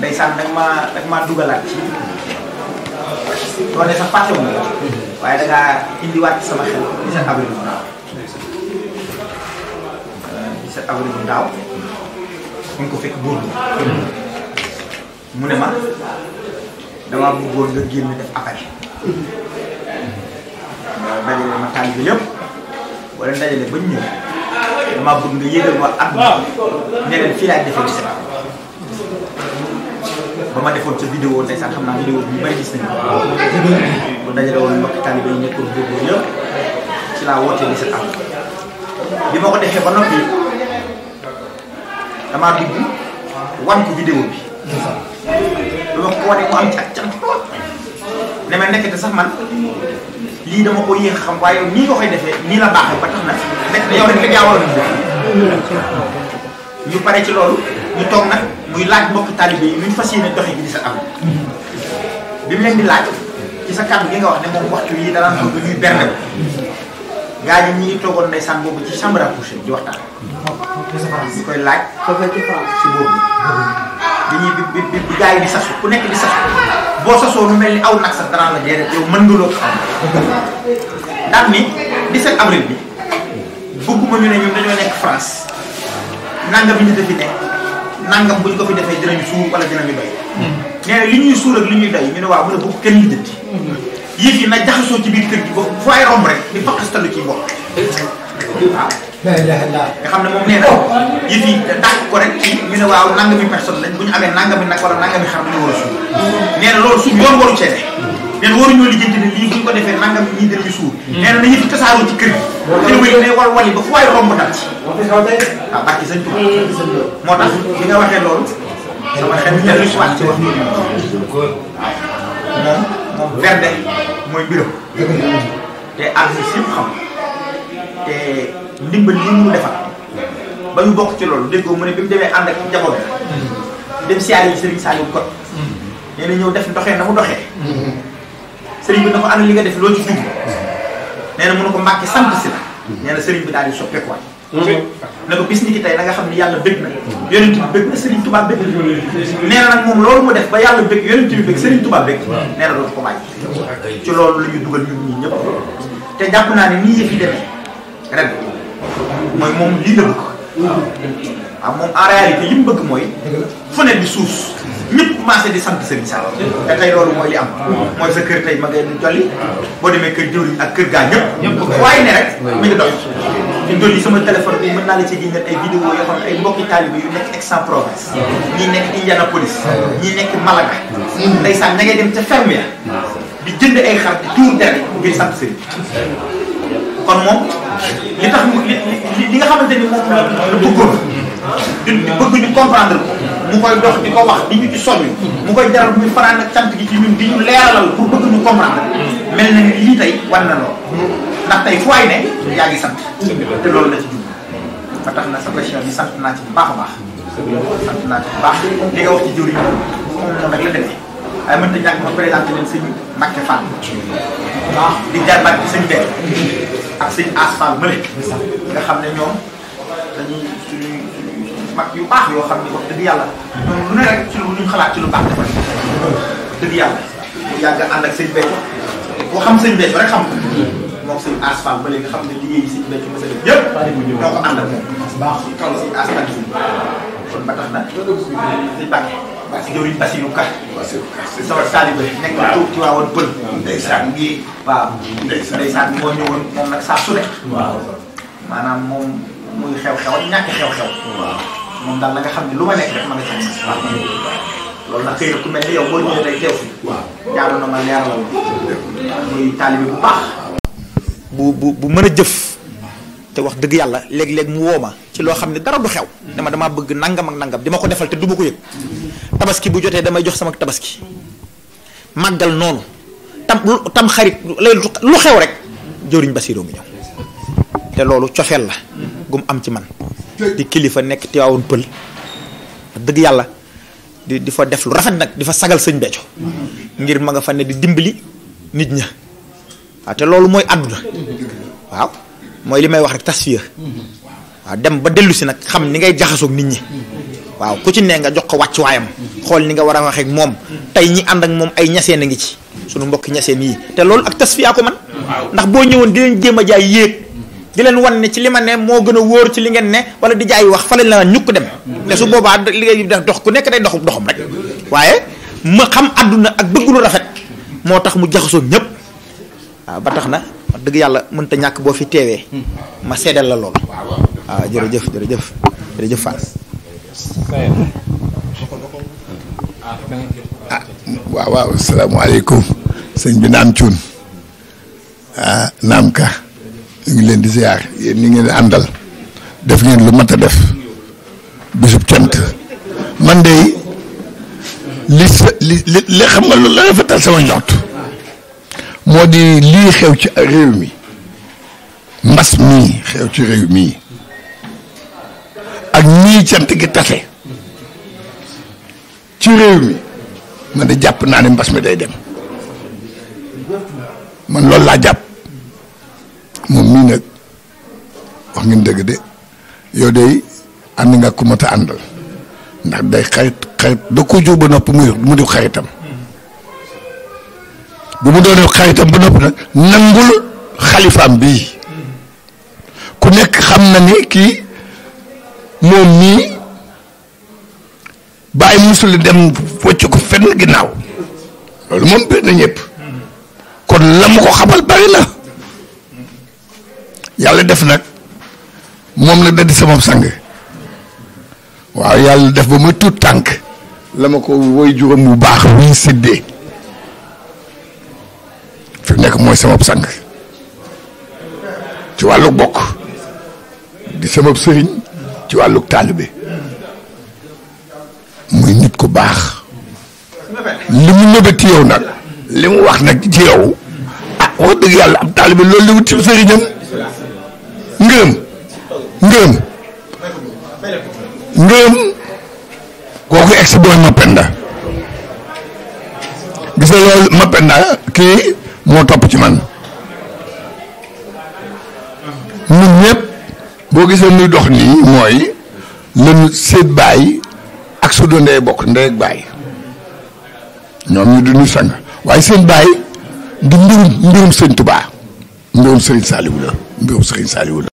dari dag ma, dag maa dugalaat ci doone sax fàttewu ma waaye da ngaa sama xel bisa sa di sa abri bu ndaaw mu ko fekk buur mu ne ma dama bëggoon nga génn def appel dajale ma tànn bi yëpp ma di sa ba ma defoon ca vidéo ndeysaan xam naa vidéo bi ñu bëri gis nañu ko. bu dajale woon mbokk taalibe yi nekkoon góorgóorlu yëpp bi ma ko defee ba noppi damaa dugg wan ko vidéo bi. bi ma ko wanee mu am ci ak ne ma nekk te sax man lii dama ko yéex xam waaye nii nga koy defee nii la baaxee ba tax na nekk na yow rek la jaawaloon ñu. ñu pare ci loolu. ñu tok nak muy laaj mbokk talibé yi ñu fasiyé yéene doxee gi di sa am bi mu leen di laaj ci sa kaddu gi nga wax né mom waxtu yi dara ko ñuy berne gaay gaa ñi ñi ngi toogoon ndeysaan boobu ci chambre à coucher di waxtaan ñu koy laaj ci bobu bi ñi bi bi bi gaay yi di sasu ku nekk di sax bo sasoo lu melni aw nak sax dara la dédé yow mën nga ko am ndax ni 17 avril bi bëgguma ñu ne ñun dañu nekk France nanga ñu defi nekk nangam bu ñu ko fi defee dinañ suur wala dinañu doy. Hmm. nee na li ñuy suur ak li ñuy doy ñu ne waaw mu ne bu kenn lijjanti. Hmm. yëf yi na jaxasoo ci biir kër gi ba fu ay romb rek di faqastalu ci bopp. waaw. nga xam ne moom nee na oh. yëf yi dàq ko rek ci ñu ne waaw nangami personne lañ bu ñu amee nangami nag wala nangami xam ne ñu war a suur. Hmm. nee na loolu suuf yoon waru cee neen waruñoo lijjanti ne lii fu ñu ko defee nangam ñii dañuy suur hmm. nee na nañu fi tasaaroo ci kër yi téwéy ne wal wali ba fu waay romb dal ci waaw barki sëñ Tuubaa moo tax li nga waxee loolu sama xel dellu si ci wax moom moom verde mooy biram te artiste yëpp xam te ndimbal li mu defal ba ñu bokk ci loolu déggoo mu ne bi mu demee ànd ak njaboot hmm. dem siyaar yi Serigne Saliou Kot hmm. ñëw def ndoxee na mu doxee sëriñ bi na ko ana li nga def loo ci dugg nee na mënu ko mbàkke sant si la mm-hmm. nee na sëriñ bi daal di soppeekuwaat mm-hmm. na ko bis ni ki tey da xam ni yàlla bëgg na yonent bi bëgg na sëriñ Tuubaa bëgg na loolu def ba yàlla bëgg yonent bi bëgg sëriñ Tuubaa bëgg nee na ko bàyyi ci loolu la ñu dugal ñun ñii ñëpp te jàpp naa ne nii yëf yi demee ren mooy moom lii la bëgg mm-hmm. waaw ah, moom yi réalité li mu bëgg mooy. fu ne di suus. ñëpp commencé di sant sëriñ Sall. te loolu mooy li am. Ah. mooy sa kër tey ma ngay jolli. boo demee kër jëwriñ ak kër gaa ñëpp. ñëpp waaye ne rek mi ngi doy. ñu dolli sama téléphone bi mën naa la ci jëndal ay vidéo yoo xam ne ay mbokki taalibe yu nekk Aix-en-Provence. Ah. ñii nekk Indianapolis. ñii nekk Malaga. ndeysaan na ngay dem ca ferme ya di jënd ay xar tuur dara ngir sant sëriñ. kon moom li tax li li nga xamante ni moom la bëggoon di bëgg ñu comprendre ko mu koy dox di ko wax di ñu ci soññ mu koy jaral muy faraan ak cant gi ci ñun di ñu leeralal pour bëgg ñu comprendre mel na ni lii tey war na lool ndax tey fu ay ne yaa ngi sant te loolu la ci jub ba tax na sa question bi sant naa ci bu baax a bu baax li nga wax ci jur yi moom nag la demee waaye mënta ñàkk ma présenté leen sëñ Mbacke Fall ah, di jaar Mbacke sëñ Bell ak sëñ As Fall mële nga xam ne ñoom dañuy suñuy mag yu baax yoo xam ne wax dëgg yàlla ñoom lu ne rek ci lu ñu xalaat ci lu baax dafa dëgg yàlla yàgg ànd ak sëñ Bell boo xam sëñ Bell rek xam ko moom sëñ As nga xam ne liggéey sëñ Bell mos a def yëpp ñoo ak moom baax toll sëñ As Fall ba tax na sëñ Mbacke jëwriñ Bassirou Ka Bassirou Ka sama talibé nekk xew-xew ak xew-xew waaw moom daal nga xam lu ma rek ma ku yow fi jaaru na ma bu baax bu bu bu jëf te wax dëgg yalla léeg-léeg mu woma ci lo xamni dara du xew dama dama bëgg nangam ak nangam di ko defal te du ko yëg tabaski bu jotee damay jox sama tabaski màggal noonu tam tam xarit lay lu xew rek jëriñ Basirou ngi ñëw te loolu cofeel la gum am ci man di kilifa nekk tiwaawoon pël dëgg yàlla di di fa def lu rafet nag di fa sagal sëñ bejo ngir ma nga fa ne di dimbali nit ña waaw te loolu mooy àdduna waaw mooy li may wax rek tasfiya waaw dem ba dellu si xam ni ngay jaxasoog nit ñi waaw ku ci ne nga jox ko wàccuwaayam xool ni nga war a andeng mom tey ñi ànd ak moom ay ñaseen a ngi ci sunu mbokk ñaseen yi te loolu ak tasfiya ko man ndax boo ñëwoon di leen jéem jaay yéeg di leen wan ne ci li ma ne moo gën a ci li ngeen ne wala di jaay wax fa lañ la ñukk dem ne su boobaa li ngay def dox ku nekk day doxu doxam rek waaye ma xam àdduna ak bëgg lu rafet moo tax mu jaxasoo ñëpp waaw ba tax na dëgg yàlla mënta ñàkk boo fi teewee ma seedal la loolu waaw jërëjëf jërëjëf jërëjëf Fass ah waaw waaw salaamaaleykum sëñ bi naam cuun ah naam ñu ngi leen di ziar yéen ñi ngeen àndal def ngeen lu mat a def bisub cant man de li li li xam nga lu la rafetal sama njort moo di lii xew ci réew mi mbas mii xew ci réew mii ak ñii cant gi tase ci réew mi man de jàpp naa ne mbas mi day dem man loolu laa jàpp moom mii nag wax ngeen dëgg de yow day ànd nga ku mat a àndal ndax day xarit xarit da ko jóg ba noppi muy mu di xaritam bu mu doonee xaritam ba noppi nag nangul xalifaam bii ku nekk xam na ni kii moom mii bàyyi musul dem wëcc ko fenn ginnaaw loolu moom biir na kon la ma ko xamal bari la yàlla def nag moom la da di sama sang waaw yàlla def ba ma tuut tànk la ma ko woy juróom bu baax wii séddee fi nekk mooy sama sang ci wàllu bokk di sama sëriñ ci wàllu taalibe muy nit ku baax li mu nëbëti yow nag li mu wax nag ci yow ah wax dëgg yàlla ab taalibe loolu la wut ci sëriñam ngërëm ngërëm ngërëm kooku egsi booy Mapenda gis loolu Mapenda kii moo topp ci man boo gisee muy dox nii mooy lanu seet baay ak su doo ndey bokk ndey ak baay ñoom ñu du ñu sang waaye seen baay di mbirum mbirum sëñ Tubaa mbirum sëriñ Saaliwu la mbirum sëriñ Saaliwu la